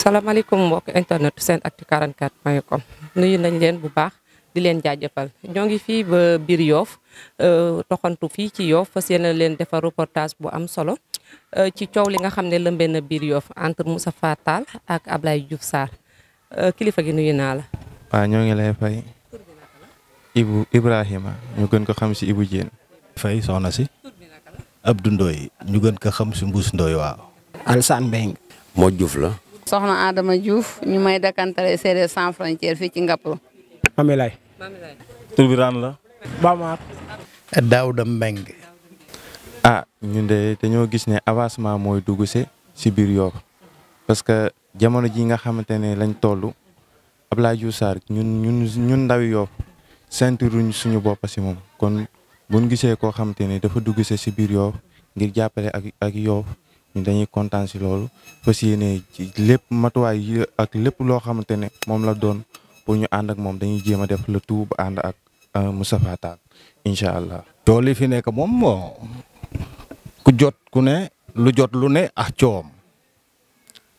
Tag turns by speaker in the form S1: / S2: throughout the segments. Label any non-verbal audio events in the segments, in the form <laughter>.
S1: salaamaaleykum mbokk internet seen actu 44 point com nuyu nañ leen bu baax di leen jaajëfal ñoo ngi fii ba biir Yoff euh, toxantu fii ci fa fas yéene leen defar reportage bu am solo euh, ci coow li nga xam ne la na biir Yoff entre Moustapha Tall ak Ablaye Diouf saar euh, kilifa gi nuyu naa la.
S2: waaw ñoo ngi lay fay. Ibrahima ñu gën ko xam si Ibu Dieng. fay soxna si. Abdou Ndoye ñu gën ko xam si Mbuus Ndoye waaw. Alsaan
S3: Mbengue. moo juuf la.
S4: soxna Adama Diouf ñu may dakantale séeréer sans frontière fii ci Ngapro.
S3: Mami Lay. tur bi raan la. Bamar. Daouda
S5: Mbengue. ah ñun de dañoo gis ne avancement mooy dugg si si biir Yoff parce que jamono ji nga xamante ne lañ toll ab laa Sarr ñun ñun ñun ndawi Yoff sentiruñ suñu bopp si moom kon buñ gisee koo xamante ne dafa dugg si biir Yoff ngir jàppale ak ak Yoff ñu dañuy kontaan si loolu fas yéene ci lépp matuwaay yi ak lépp loo xamante ne moom la doon pour ñu ànd ak moom dañuy jéem a def le tout ba ànd ak euh, Moustapha Tall incha allah. tool
S2: fi nekk moom ku jot ku ne lu jot lu ne ah coowam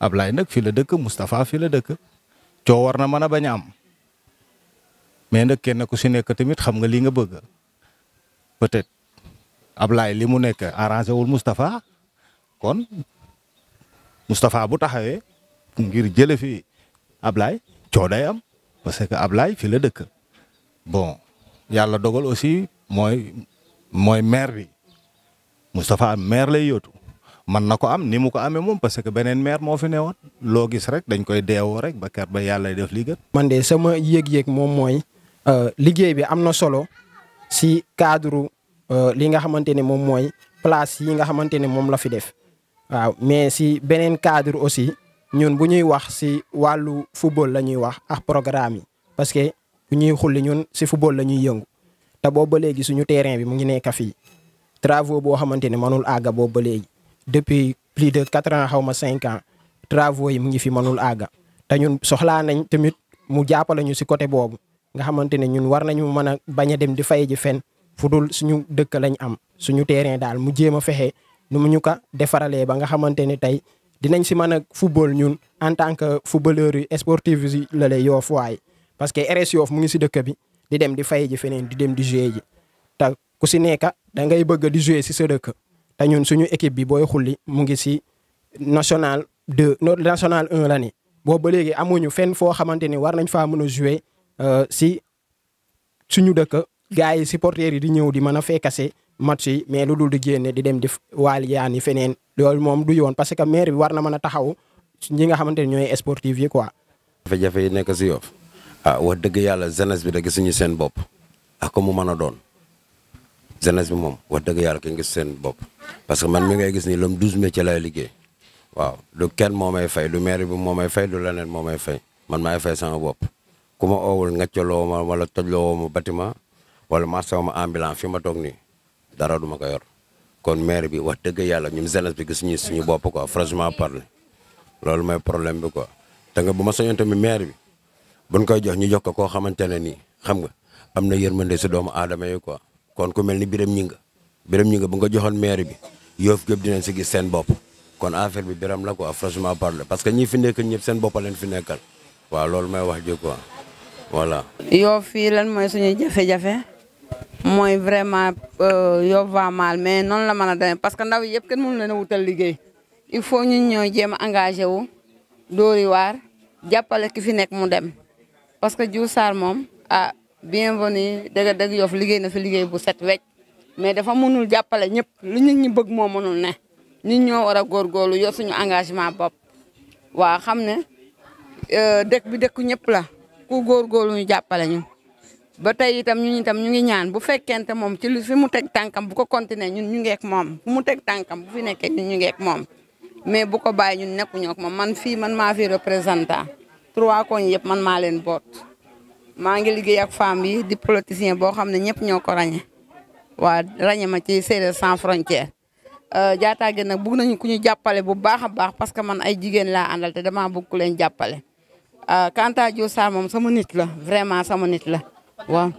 S2: Ablaye nag fi la dëkk Moustapha fi la dëkk coow war na mën a bañ a am mais nag kenn ku si nekk tamit xam nga lii nga bëgg peut-être Ablaye li mu nekk arrangé wul Moustapha. kon Moustapha bu taxawee ngir jële fi Ablaye coo day am parce que ablaay fi la dëkk bon yàlla dogal aussi mooy mooy maire bi Moustapha maire lay yootu man na ko am ni mu ko amee moom parce que beneen maire moo fi newoon loo gis rek dañ koy deewoo rek ba ker ba yàlla def li
S6: man de sama yëg-yëg moom mooy euh, liggéey bi am na solo si cadre euh, li nga xamante ne moom mooy place yi nga xamante ne moom la fi def waaw mais si beneen cadre aussi ñun bu ñuy wax si wàllu football la ñuy wax ak programme yi parce que bu ñuy xulli ñun si football la ñuy yëngu te boo ba léegi suñu terrain bi mu ngi nekk fii travaux boo xamante ne mënul àgga boobu ba léegi depuis plus de quatre ans xaw ma cinq ans travaux yi mu ngi fi mënul àgga te ñun soxlaa nañ tamit mu jàppale ñu si côté boobu nga xamante ne ñun war nañu mën a bañ a dem di fay ji fen fu dul suñu dëkk lañ am suñu terrain daal mu jéem a fexe nu mu ñu ko defaralee ba nga xamante ne tey dinañ si mën a football ñun en tant que footballeur yi sportif yi yoof waay parce que RS Yoff mu ngi si dëkk bi di dem di fay ji feneen di dem di jouer ji ta ku si nekk da ngay bëgg di jouer si sa dëkk te ñun suñu équipe bi booy xulli mu ngi si national de national 1 la ni boobu ba léegi amuñu fenn foo xamante ni war nañ faa mën a jouer euh, si suñu dëkk gars yi supporters yi di ñëw di mën a fekkase match yi mais lu dul di génne di dem di waal yaani feneen loolu moom du yoon parce que maire bi war na mën a taxaw ñi nga xamante ne ñooy sportif yi quoi.
S7: jafe yi nekk si Yoff ah wax dëgg yàlla jeunesse bi da gisuñu seen bopp ak ah, ko mu mën a doon jeunesse bi moom wax dëgg yàlla ki gis seen bopp parce que man mi ngay gis nii lom douze métiers lay liggéey waaw lu kenn moo ay fay lu maire moom ay fay lu leneen moo may fay man maay fay sama bopp ku ma oowul ngaccoloo ma wala tojloo ma bâtiment wala marché ma ambulance ma toog nii dara duma ko yor kon maire bi wax dëgg yàlla ñun jeunesse bi gis ñu suñu bopp quoi franchement parler loolu mooy problème bi quoi te nga bu ma soñoon tamit maire bi buñ koy jox ñu jox ko koo xamante ne nii xam nga am na yërmande si doomu aadama yi quoi kon ku mel ni Birame Gningue Birame Gningue bu nga joxoon maire bi Yoff gépp dinañ si gis seen bopp kon affaire bi Birame la ko quoi franchement parler parce que ñi fi nekk ñëpp seen bopp leen fi nekkal waa loolu mooy wax ji quoi voilà.
S4: Yoff fii lan mooy mooy vraiment euh, yow va mal mais noonu la mën a demee parce que ndaw yi yëpp kenn mënu leen a wutal liggéey il faut ñun ñoo jéem a engagé wu dóori waar jàppale ki fi nekk mu dem parce que Diouf Sarr moom ah bienvenue dëgg dëgg Yoff liggéey na fi liggéey bu set wecc mais dafa mënul jàppale ñëpp lu nit ñi bëgg moo mënul ne nit ñoo war a góorgóorlu yor suñu engagement bop waa xam ne euh, dëkk bi dëkku ñëpp la ku góorgóorlu ñu jàppale ñu. ba tey itam ñun itam ñu ngi ñaan bu fekkente moom ci lu fi mu teg tànkam bu ko continuer ñun ñu ngeek moom fu mu teg tànkam bu fi nekkee ñun ñu ngeek moom mais bu ko bàyyi ñun nekkuñu ak moom man fii man maa fi représentant trois koñ yëpp man maa leen boot maa ngi liggéey ak femme yi di politicien boo xam ne ñëpp ñoo ko ràññee waa ràññee ma ci Séeréer sans frontière jaataage euh, nag bëgg nañu ku ñu jàppale bu baax a baax parce que man ay jigéen laa àndal te damaa bëgg ku leen jàppale euh, Kanta Diouf Sarr moom sama nit la vraiment sama nit la. waaw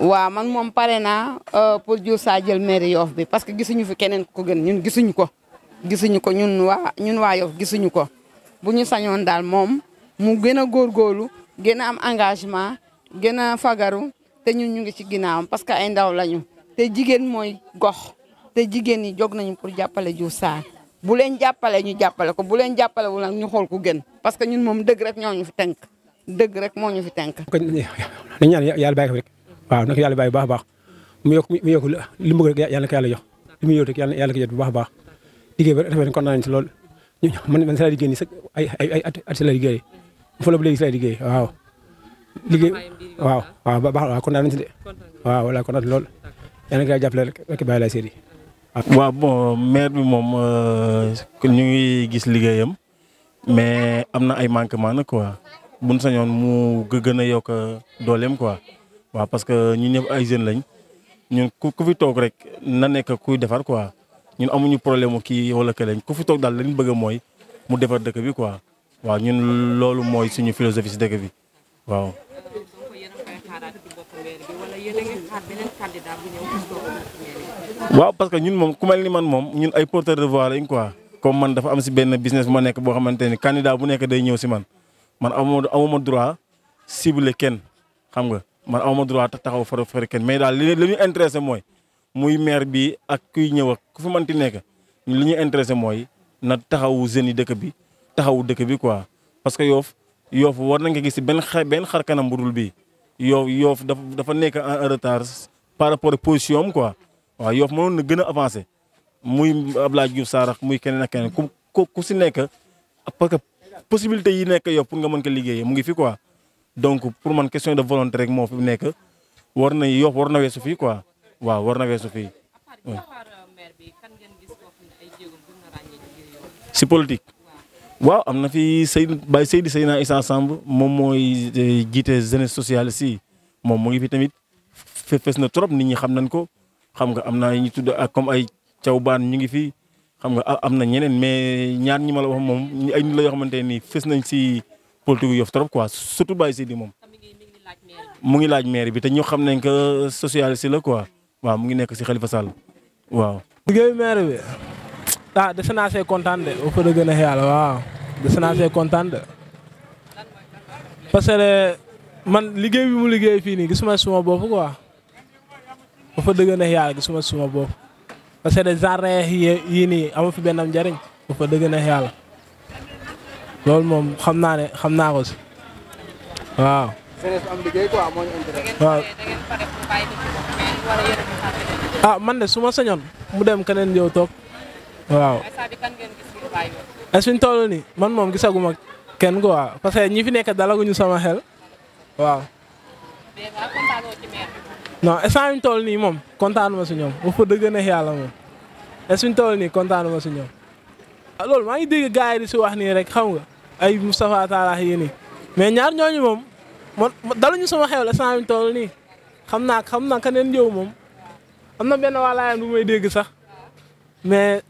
S4: waaw man moom pare naa euh, pour Diouf Sarr jël mairie yoof bi parce que gisuñu fi keneen ko gën ñun gisuñu ko gisuñu ko ñun waa ñun waa Yoff gisuñu ko bu ñu sañoon daal moom mu gën a góorgóorlu gën a am engagement gën a fagaru te ñun ñu ngi ci ginnaawam parce que ay ndaw lañu te jigéen mooy gox te jigéen ñu jog nañu pour jàppale Diouf Sarr bu leen jàppale ñu jàppale ko bu leen jàppale wul a ñu xool ku gën parce que ñun moom dëgg rek ñoo ñu fi tenk dëgg rek moo ñu fi tënk. dañu
S6: ñaan yàlla bàyyi ko rek waaw nag yàlla bàyyi bu baax baax mu yokk mu yokk li mu bëgg rek yàlla na ko yàlla jox li rek yàlla yàlla ko jot baax a baax liggéey bi lool man man si laa liggéey nii sax ay ay ay at si laa liggéey fa la bu liggéey waaw liggéey waaw ba baax waaw kontaan nañ si de waaw lool yàlla na ko yàlla jàppale rek rek bàyyi laa séeri
S3: waaw bon maire bi moom euh, ñu ngi gis liggéeyam mais am na ay manquement nag quoi buñ sañoon mu gën a yokk dooleem quoi waaw parce que ñun ñëpp ay jeunes lañ ñun ku ku fi toog rek na nekk kuy defar quoi ñun amuñu problème kii wala que ku fi toog daal lañ bëgg mooy mu defar dëkk bi quoi waaw ñun loolu mooy suñu philosophie si waaw. waaw parce que ñun moom ku mel ni man moom ñun ay porteur de voix lañ quoi comme man dafa am si benn business bu ma nekk boo xamante ni candidat bu nekk day ñëw si man. man amuma amuma droit ciblé kenn xam nga man amuma droit taxaw faro faro kenn mais daal li li ñu intéressé mooy muy maire bi ak kuy ñëw ak ku fi mënti nekk li ñuy intéressé mooy na taxawu jeunes yi dëkk bi taxawu dëkk bi quoi parce que yoof yoof war na nga gis benn xa benn xar kanam bu bi bii yoof yoof dafa nekk en retard par rapport ak position am quoi waaw yoof mënoon na gën avancé muy Abdoulaye Diouf Sarr muy keneen ak keneen ku ku si nekk possibilité yi nekk yow pour nga mën ko liggéeyee mu ngi fi quoi donc pour man question de volonté rek moo fi nekk war na yow war na weesu fii quoi waaw war na weesu fii. Euh, si politique. waaw am na fi Seydou Baye Seydou Seydina Issa Samb moom mooy euh, jiite jeunesse sociale si moom mu ngi fi tamit fes na trop nit ñi xam nañ ko xam nga am na ñu tudd ak comme ay cawbaan ñu ngi fi. xam nga am na ñeneen mais ñaar ñi ma la wax moom ay nit la yoo xamante nii fës nañ si politique yof trop quoi surtout Baye Sidi moom. mu ngi laaj maire bi te ñu xam nañ que si la quoi waaw mu ngi nekk si Khalifa Sall waaw.
S8: liggéeyu maire bi ah dese naa see kontaan de wax dëgg na kontaan parce que man liggéey bi mu liggéey fii nii gisuma suma bopp quoi wax dëgg na yàlla gisuma suma bopp. parce que genre yii nii amu fi benn njariñ bu fa dëgg neex loolu moom xam naa ne xam naa ko si ah man de suma ma mu dem keneen yow toog waaw. est-ce que man moom gisaguma kenn quoi parce que ñi fi nekk dalaguñu sama xel waaw. non instant yi ñu nii moom kontaan ma si ñoom bu fa dëgg neex yàlla moom est-ce ñu nii kontaan ma si ñoom. Ah, loolu maa ngi dégg gars yi si wax nii rek xam nga ay Moustapha Talla mais ñaar ñooñu moom man daluñu sama xew la instant yi ñu toll nii xam naa xam naa keneen yow moom am na benn wàllaayam bu may dégg sax mais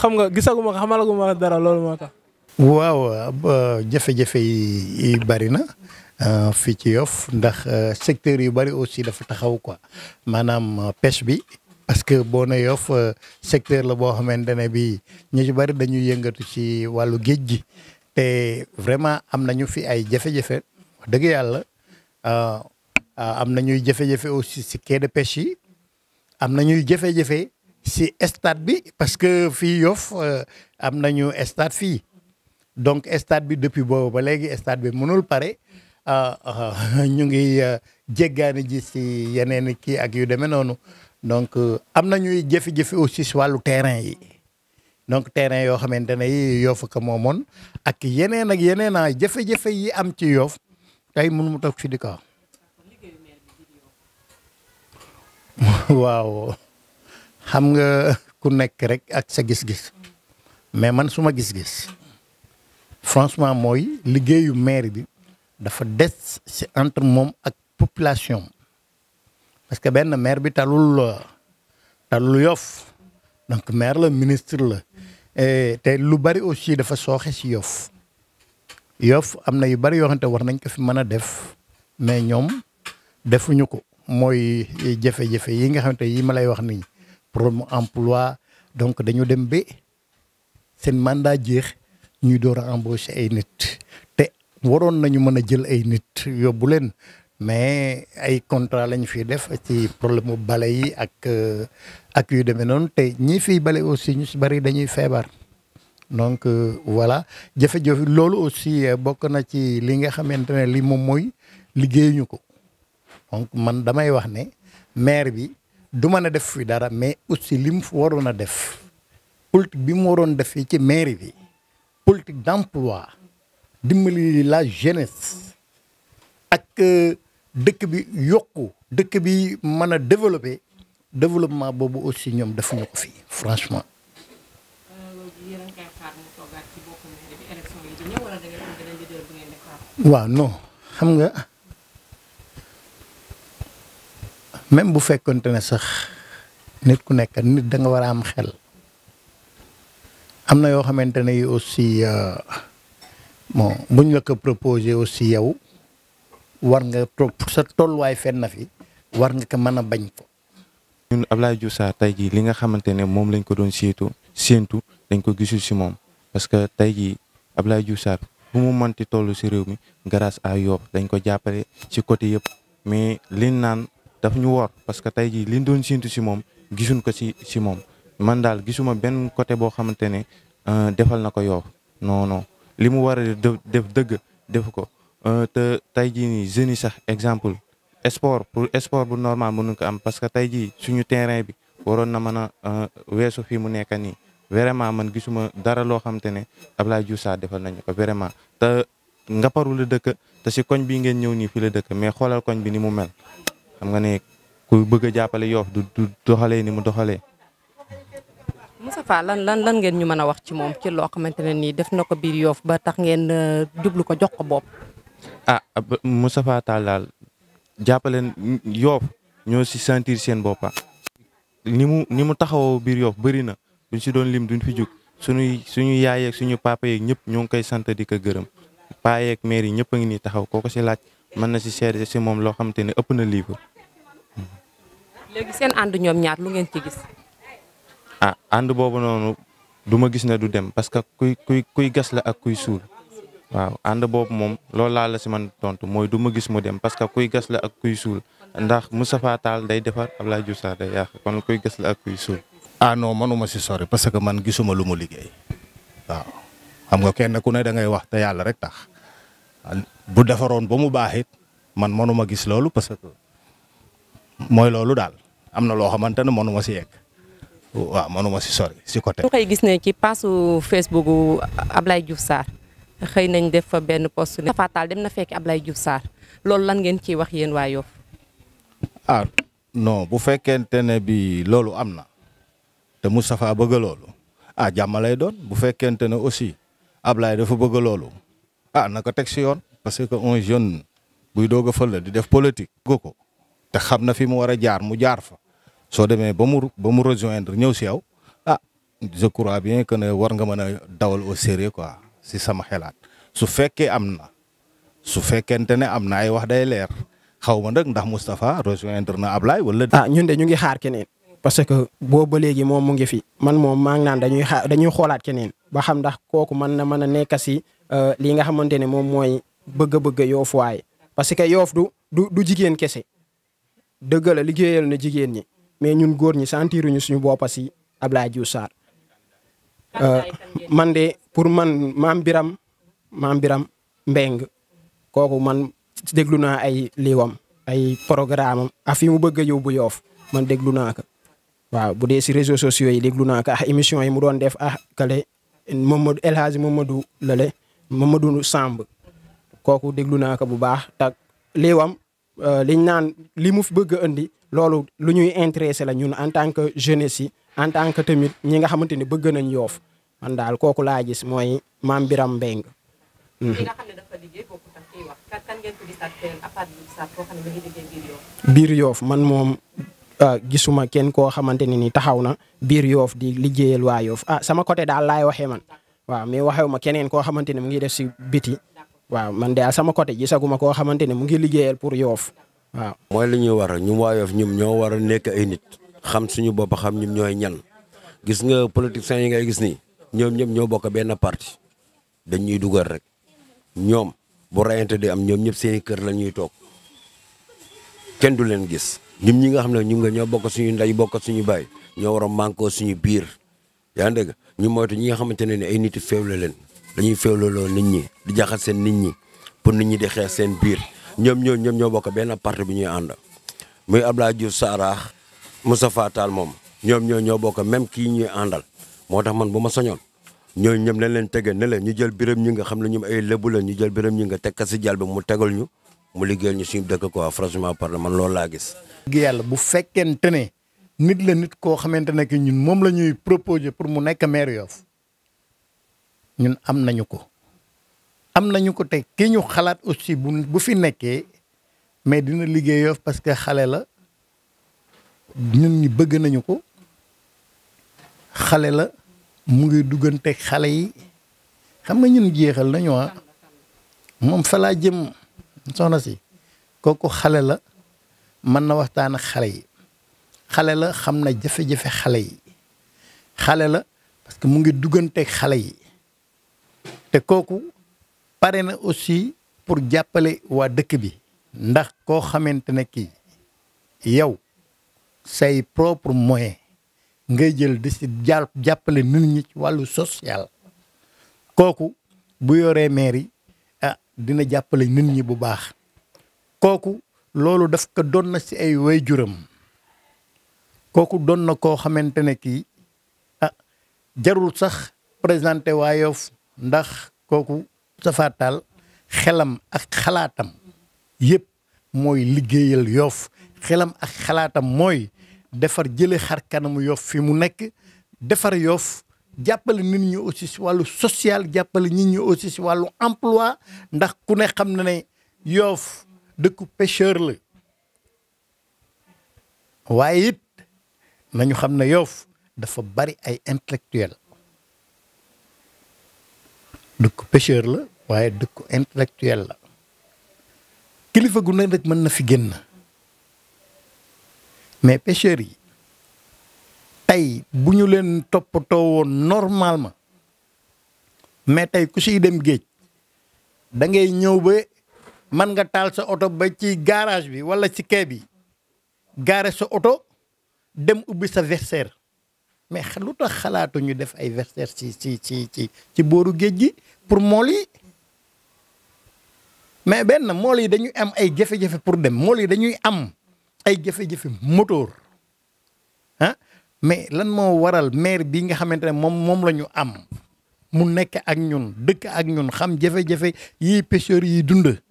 S8: xam nga gisaguma ko xamalaguma dara lool moo tax.
S9: waaw euh, jafe-jafe yi bari na. Euh, fii ci yof ndax euh, secteur yu bari aussi dafa taxaw quoi maanaam euh, pêche bi parce que boo ne Yoff secteur la boo xamante ne bi ñu ci bari dañuy yëngatu ci wàllu géej gi te vraiment am nañu fi ay jafe dëgg yàlla am nañuy jafe-jafe aussi si quai de yi am nañuy jafe-jafe si stade bi parce que fii Yoff am nañu stade fii donc stade bi depuis boobu ba léegi stade bi mënul pare Ah, ah, <laughs> ñu ngi eh, jéggaani ji si yeneen kii ak yu demee noonu donc eh, am na ñuy jëfi-jëfi aussi si wàllu terrain yi donc terrain yoo xamante ne yi yoof moomoon ak yeneen ak yeneen a ah, jafe yi am ci yoof tey mënu mu fi di ko <laughs> waaw xam nga ku nekk rek ak sa gis-gis mais man suma gis-gis franchement mooy liggéeyu maire bi dafa des si entre moom ak population parce que benn maire bi talul talul yof donc maire la ministre la te lu bari aussi dafa sooxe si yof yof am na yu bari yoo xam ne war nañ ko fi mën a def mais ñoom defuñu ko mooy jafe-jafe yi nga xamante yi ma lay wax nii pour problème emploi donc dañu dem bi seen mandat jeex ñuy door a embaucher ay nit waroon nañu mën a jël ay nit yóbbu leen mais ay contrat lañ fiy def ci problème mu bale yi ak euh, ak yu demee noonu te ñii fiy bale aussi ñu si bëri dañuy feebar donc euh, voilà jafe-jafe loolu aussi euh, bokk na ci li nga xamante ne li moom mooy liggéeyuñu ko donc man damay wax ne maire bi du mën a def fi dara mais aussi li mu waroon a def politique bi mu waroon def fii ci maire bi politique d'emploi dimbali la jeunesse ak euh, dëkk bi yokk dëkk bi mën a développer développement boobu aussi ñoom defuñu ko fii franchement. waaw non xam nga même bu fekkonte ne sax nit ku nekk nit da nga war a am xel am na yoo xamante ne aussi. Euh, bu ñu la ko proposé aussi yow war nga topp sa tolluwaay fenn na fi war nga ko mën a bañ ko. ñun Abdoulaye Diouf
S5: Sarr tey jii li nga xamante ne moom lañ ko doon séentu séentu dañ ko gisul si moom parce que tey jii Abdoulaye Diouf Sarr bu mu mënti toll si réew mi grâce à Yoff dañ ko jàppale si côté yëpp mais liñ naan daf ñu wor parce que tey jii liñ doon séentu si moom gisuñ ko si si moom man daal gisuma benn côté boo xamante ne euh, defal na ko Yoff noonoo li mu war a def dëgg defu ko euh, te tey jii nii jeunes yi sax exemple sport pour sport bu normal mënuñ ko am parce que tey jii suñu terrain bi waroon na mën a euh, weesu fii mu nekk nii vraiment man gisuma dara loo xam te ne Abdoulaye Diouf Sarr defal nañu ko vraiment te nga paru la dëkk te si koñ bii ngeen ñëw nii fii la dëkk mais xoolal koñ bi ni mu mel xam nga ne ku bëgg a jàppale Yoff du du doxalee ni mu doxalee
S1: Moustapha lan lan lan ngeen ñu mën a wax ci moom ci loo xamante ne nii def na ko biir yoof ba tax ngeen euh, jublu ko jox ko bopp.
S5: Ah, ah, a Moustapha Tall daal jàppaleen yoof ñoo si sentir seen boppa ni mu ni mu taxawoo biir yoof bëri na duñ si doon lim duñ fi jóg suñuy suñu yaay ak suñu papa yeeg ñëpp ñoo ngi koy sant di ko gërëm paa yeeg mère yi ñëpp a ngi nii taxaw kooko ci laaj mën na si seede si moom loo xamante ne ëpp na livre
S1: léegi seen ànd ñoom ñaar lu ngeen ci gis.
S5: ah ànd boobu noonu du ma gis ne du dem parce que kuy kuy kuy gas la ak kuy suul waaw ànd boobu moom loolu laa la si man tontu mooy du ma gis mu dem parce que kuy gas la ak kuy suul ndax Moustapha day defar Abdoulaye Diouf Sarr day yàq kon kuy
S2: ak kuy suul. ah non manuma si sori parce que man gisuma lu mu liggéey waaw xam nga kenn ku ne da ngay wax te yàlla rek tax bu defaroon ba mu baax it man manuma gis loolu parce que mooy loolu daal am na loo xamante ne manuma si yegg. waaw manuma si sori si côté. ñu xëy
S1: gis ne ci paasu Facebook Ablaye Diouf Sarr xëy nañ def fa benn post ne Fatal dem na fekk Ablaye Diouf Sarr loolu lan ngeen ciy wax yéen waa Yoff
S2: ah non bu fekkente ne bi loolu am na te Moustapha bëgg loolu ah jàmm doon bu fekkente ne aussi Ablaye dafa bëgg loolu ah na teg si yoon parce que un jeune buy doog a fël di def politique. ko te xam na fi mu war a jaar mu jaar fa. soo demee ba mu ba mu rejoindre ñëw si yow ah je crois bien que ne war nga mën a dawal au sérieux koi si sama xelaat su fekkee am na su fekkente ne am na ay wax day leer
S6: xaw ma nag ndax Moustapha rejoindre na Ablaye wala. ah ñun de ñu ngi xaar keneen. parce que booba ba léegi moom mu ngi fi man moom maa naan dañuy dañuy xoolaat keneen ba xam ndax kooku mën na mën a nekk si euh, lii nga xamante ne moom mooy bëgg-bëgg yoof waaye parce que yoof du du du jigéen kese dëgg la liggéeyal na jigéen ñi. mais ñun góor ñi sentiruñu suñu boppa si Ablaye Diouf Sarr euh, man de pour man maam Biram maam Biram Mbeng kooku man déglu naa ay liiwam ay programme am ak mu bëgg a bu yoof man déglu naa ko waaw bu dee si réseaux sociaux yi déglu naa ko ah émission yi mu doon def ah kale Mamadou El Hadji Mamadou Lale Mamadou Samb kooku déglu naa ko bu baax tak liiwam euh, liñ naan li mu fi bëgg andi loolu lu ñuy intéressé la ñun en tant que jeunesse yi en tant que tamit ñi nga xamante ni bëgg nañ yoof man daal kooku laa gis mooy maam Biram Mbeng biir yoof man moom ah, gisuma kenn koo xamante ne ni taxaw na biir yoof di liggéeyal waa yoof ah sama côté daal laay waxee man waaw mais waxew ma keneen koo xamante ne mu ngi def si biti waaw man daal sama côté gisaguma koo xamante ne mu ngi liggéeyal pour yoof waaw.
S7: mooy li ñuy war a ñun waayof ñum ñoo war nekk ay nit xam suñu bopp xam ñum ñooy ñan gis nga politiciens yi ngay gis ni ñoom ñëpp ñoo bokk benn parti dañ ñuy dugal rek ñoom bu rayante di am ñoom ñëpp seeni kër la ñuy toog kenn du leen gis ñun ñi nga xam ne ñun nga ñoo bokk suñu ndey bokk suñu baay ñoo war a suñu biir yaa ngi dégg ñu moytu ñi nga xamante ne ni ay nit yu féewle leen dañuy féewleloo nit ñi di jaxas seen nit ñi pour nit ñi di xeex seen biir. ñoom ñoo ñoom ñoo bokk benn parti bi ñuy ànd muy Abdoulaye Diouf Saraax Moustapha Tall moom ñoom ñoo ñoo bokk même kii ñuy àndal moo tax man bu ma soñoon ñooñu ñoom lañ leen tege ne la ñu jël biram ñi nga xam ne ñoom ay lébu la ñu jël biram ñi nga teg ka si jàll bi mu tegal ñu mu liggéeyal ñu suñu dëkk quoi franchement parle man loolu laa gis.
S9: dëgg yàlla bu fekkente ne nit la nit koo xamante ne que ñun moom la ñuy proposer pour mu nekk maire Yoff ñun am nañu ko. am nañu ko teg ki xalaat aussi bu bu fi nekkee mais dina liggéey Yoff parce que xale la ñun ñi bëgg nañu ko xale la mu ngi dugganteeg xale yi xam nga ñun jeexal nañu ah moom fa jëm soxna si kooku xale la mën na waxtaan xale yi xale la xam na jafe-jafe xale yi xale la parce que mu ngi dugganteeg xale yi te kooku. pare na aussi pour jàppale waa dëkk bi ndax koo xamante ne kii yow say propre moyen ngay jël di si jàppale nit ñi ci wàllu social kooku bu yoree mairie ah dina jàppale nit ñi bu baax kooku loolu daf ko doon na si ay waajuram kooku doon na koo xamante ne kii ah, jarul sax présenté waa Yoff ndax kooku Moustapha xelam ak xalaatam yëpp mooy liggéeyal yoof xelam ak xalaatam mooy defar jële xar kanamu yoof fi mu nekk defar yoof jàppale nit ñi aussi si wàllu social jàppale nit ñi aussi si wàllu emploi ndax ku ne xam na ne yoof dëkku pêcheur la waaye it nañu xam ne yoof dafa bari ay intellectuel dëkk pêcheur la waaye dëkk intellectuel la kilifa gu ne rek mën na fi génn mais pêcheurs yi tey bu ñu leen toppatoo woon normalement mais tey ku siy dem géej da ngay ñëw ba mën nga taal sa oto ba ci garage bi wala ci quai bi gaare sa oto dem ubbi sa versaire mais lu tax xalaatu ñu def ay verser ci ci ci ci ci booru géej gi pour mool yi mais benn mool yi dañuy am ay jafe-jafe pour dem mool yi dañuy am ay jafe-jafe ah mais lan moo waral maire bi nga xamante ne moom moom la ñu am mu nekk ak ñun dëkk ak ñun xam jafe-jafe yi pêcheurs yi dund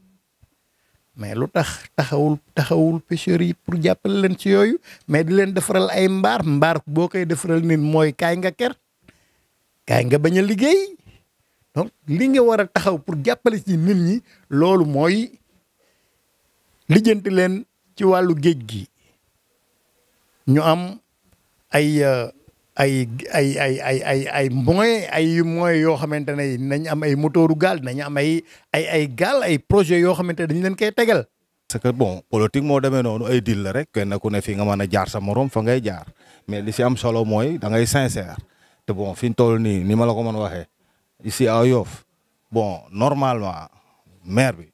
S9: mais lu tax taxawul taxawul pêcheurs yi pour jàppale leen ci yooyu mais di leen defaral ay mbaar mbaar boo koy defaral nit mooy kaay nga ker kaay nga bañ a liggéey donc li nga war a taxaw pour jàppale si nit ñi loolu mooy lijjanti leen ci wàllu géej gi ñu am ay euh, ay ay ay ay ay ay moyens ay moyens yoo xamante ne nañ am ay motooru gaal nañ am ay ay ay gaal ay projets yoo xamante ne dañu leen koy tegal. parce
S2: que bon politique moo demee noonu ay deal la rek kenn ku ne fi nga mën a jaar sa morom fa ngay jaar mais li si am solo mooy da ngay sincère te bon fi ñu toll nii ni ma la ko mën waxee ici à Yoff bon normalement maire bi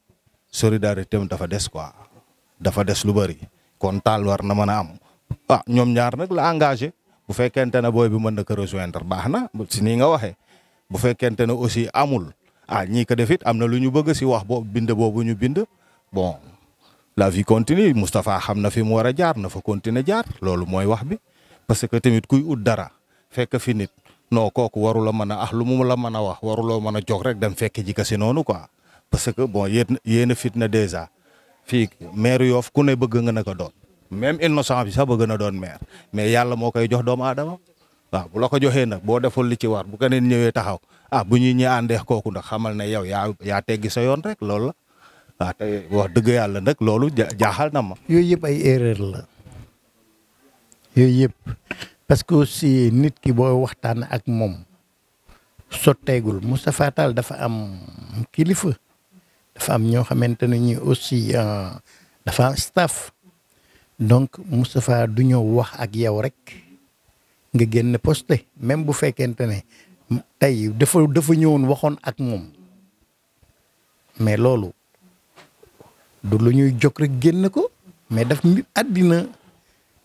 S2: solidarité am dafa des quoi dafa des lu bëri kon taal war na mën a am ah ñoom ñaar rek la engagé. bu fekkente ne booy bi mën na ko rejoindre baax na si nii nga waxee bu fekkente ne aussi amul ah ñii ko def it am na lu ñu bëgg si wax boobu bind boobu ñu bind bon la vie continue Moustapha xam na fi mu war a jaar na fa continuer jaar loolu mooy wax bi parce que tamit kuy ut dara fekk fi nit non kooku waru mën a ah lu mu la mën a wax waruloo mën a jox rek dem fekk ji ko si noonu quoi parce que bon yéen yéen fit na dèjà fii maire Yoff ku ne bëgg nga na ko doon. même innocent bi sax bëgg na doon maire mais yàlla moo koy jox doomu aadama waaw bu la ko joxee nag boo deful li ci war bu keneen ñëwee taxaw ah bu ñuy ñi àndeex kooku ndax xamal na yow yaa yaa teggi sa yoon rek loolu la waaw wax dëgg yàlla nag loolu jaaxal na ma. yooyu yëpp ay
S9: erreur la yooyu yëpp parce que aussi nit ki boo waxtaan ak moom sotteegul Moustapha Tall dafa am kilifa dafa am ñoo xamante ne ñi aussi euh, dafa staff donc Moustapha du ñëw wax ak yow rek nga génn posté même bu fekkente ne tey dafa dafa ñëwoon waxoon ak moom mais loolu du lu ñuy jog rek génn ko mais daf àddina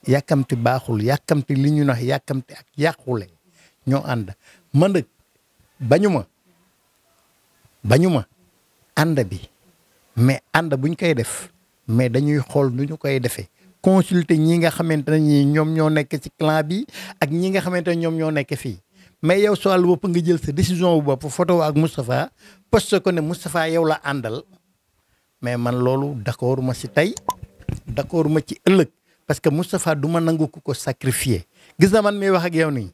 S9: yàkkamti baaxul yàkkamti li ñu nax yàkkamti ak yàqule ñoo ànd man nag bañuma ma ànd bi mais ànd buñ koy def mais dañuy xool nu ñu koy defee consulter ñii nga xamante ne ñii ñoom ñoo nekk ci clan bi ak ñi nga xamante ne ñoom ñoo nekk fii mais yow soo bopp nga jël sa décision bu bopp photo ak Moustapha poste ko ne Moustapha yow la àndal mais man loolu d'accord ma ci tey d'accord ma ci ëllëg parce que Moustapha du ma nangu ko ko sacrifier gis na man miy wax ak yow nii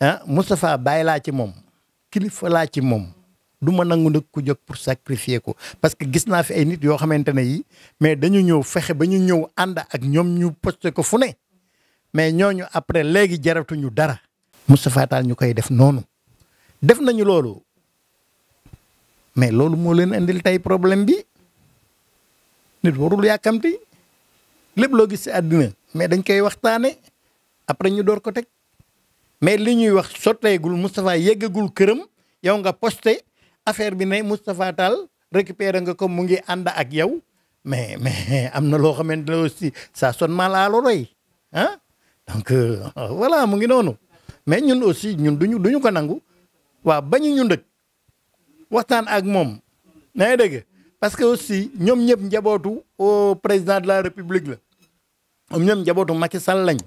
S9: ah Moustapha bàyyi laa ci moom kilifa laa ci moom. du ma nangu nag ku jóg pour sacrifier ko parce que gis naa fi ay nit yoo xamante ne yi mais dañu ñëw fexe ba ñu ñëw ànd ak ñoom ñu posté ko fu ne mais ñooñu après léegi jaratuñu dara Moustapha ñu koy def noonu def nañu loolu mais loolu moo leen indil tey problème bi nit warul yàkkamti lépp loo gis si àddina mais dañ koy waxtaane après ñu door ko teg mais li ñuy wax sotteegul Moustapha yeggagul këram yow nga posté affaire bi ne Moustapha Tall récupéré nga ko mu ngi ànd ak yow mais mais am na loo xamante ne aussi ça sonne mal à l'oreille ah donc wala euh, <laughs> mu ngi noonu mais ñun aussi ñun duñu duñu ko nangu waaw bañu ñu ndëkk waxtaan ak moom na nga dégg parce que aussi ñoom ñëpp njabootu au euh, président de la république la ñoom ñëpp njabootu Macky Sall lañ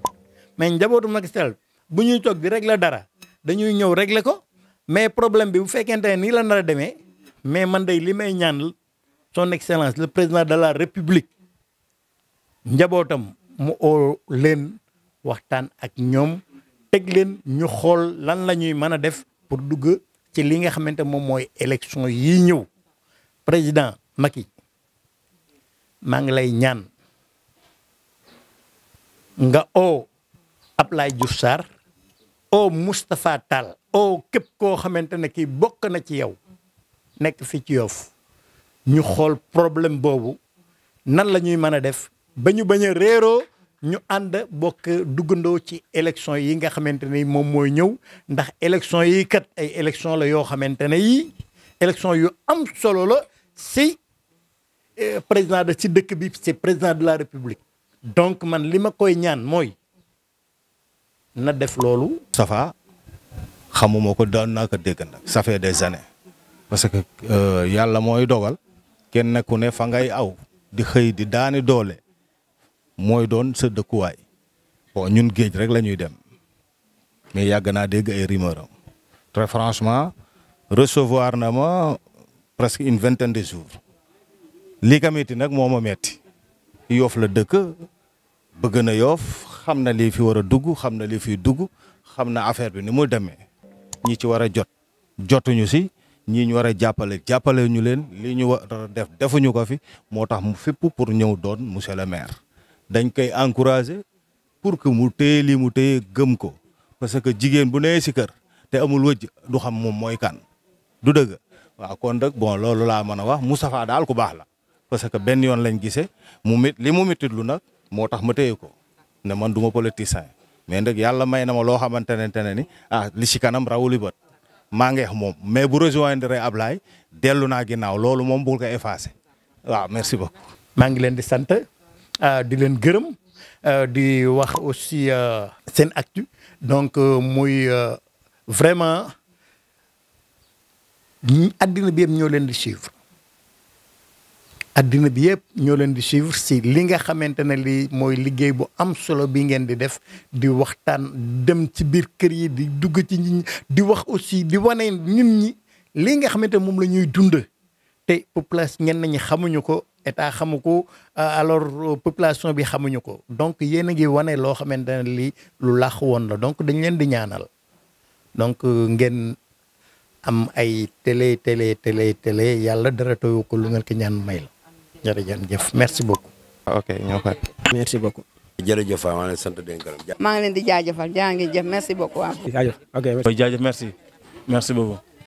S9: mais njabootu Macky Sall bu ñuy toog di régler dara dañuy ñëw regla ko mais problème bi bu fekkente ne nii la nar a demee mais man day lii may ñaan son excellence le président de la république njabootam mu oo leen waxtaan ak ñoom teg leen ñu xool lan la ñuy mën a def pour dugg ci li nga xamante moom mooy élection yi ñëw président Macky maa ngi lay ñaan nga oo Ablaye Diouf Sarr o Moustapha Tall o képp koo xamante ne kii bokk na ci yow nekk fi ci Yoff ñu xool problème boobu nan la ñuy mën a def ba ñu bañ a réeroo ñu ànd bokk duggandoo ci élection yi nga xamante ne moom mooy ñëw ndax élection yi kat ay élection la yoo xamante ne yi élection yu am solo la si eh, président de si dëkk bi c'est président de la république donc man li ma koy ñaan mooy na def loolu.
S2: Safa xamuma ko daan naa ko dégg des années parce que euh, yàlla mooy dogal kenn ku ne fa ngay aw di xëy di daani doole mooy doon sa dëkkuwaay bon ñun géej rek la ñuy dem mais yàgg naa dégg ay rumeur très franchement recevoir na ma presque une vingtaine de jours li ka metti nag moo ma metti yoof la dëkk bëgg na yoof xam na lii fi war a dugg xam na lii fiy dugg xam na affaire bi ni mu demee ñi ci war a jot jotuñu si ñii ñu war a jàppale jàppale ñu leen lii ñu war a def defuñu ko fi moo tax mu fépp pour ñëw doon monsieur le maire dañ koy encourager pour que mu téye lii mu téye gëm ko parce que jigéen bu nee si kër te amul wëj du xam moom mooy kan du dëgg waaw kon nag bon loolu laa mën a wax mu Moustapha daal ku baax la parce que benn yoon lañ gisee mu mit li mu métitlu nag moo tax ma téye ko ne man du ma politicien mais nag yàlla may na ma loo xamante ne ni ah li si kanam rawuli bët maa ngeex moom mais bu rejoindre
S9: Ablaye dellu naa ginnaaw loolu moom bul ko effacé waaw merci beaucoup. maa ngi leen di sant ah, di leen gërëm ah, di wax aussi ah, seen actu donc euh, muy euh, vraiment àddina bi yëpp ñoo leen di suivre. addina bi yëpp ñoo leen di suivre si li nga xamante ne lii mooy liggéey bu am solo bi ngeen di def di waxtaan dem ci biir kër yi di dugg ci nit ñi di wax aussi di wane nit ñi lii nga xamante ne moom la ñuy dund te population ñenn ñi xamuñu ko état xamu ko euh, alors euh, population bi xamuñu ko donc yéen a ngi wane loo xamante ne lii lu laax woon la donc dañ leen di ñaanal donc euh, ngeen. am ay télé télé télé télé yàlla dara tooyu ko lu ngeen ko ñaan may la jërëjëf jëf merci beaucoup.
S7: ok ñoo koy. merci beaucoup. jërëjëf waaw maa ngi leen di sant di leen gërëm. maa
S4: ngi leen di jaajëfal jaa ngi jëf merci beaucoup waaw.
S7: jaajëf ok merci. jaajëf merci merci beaucoup.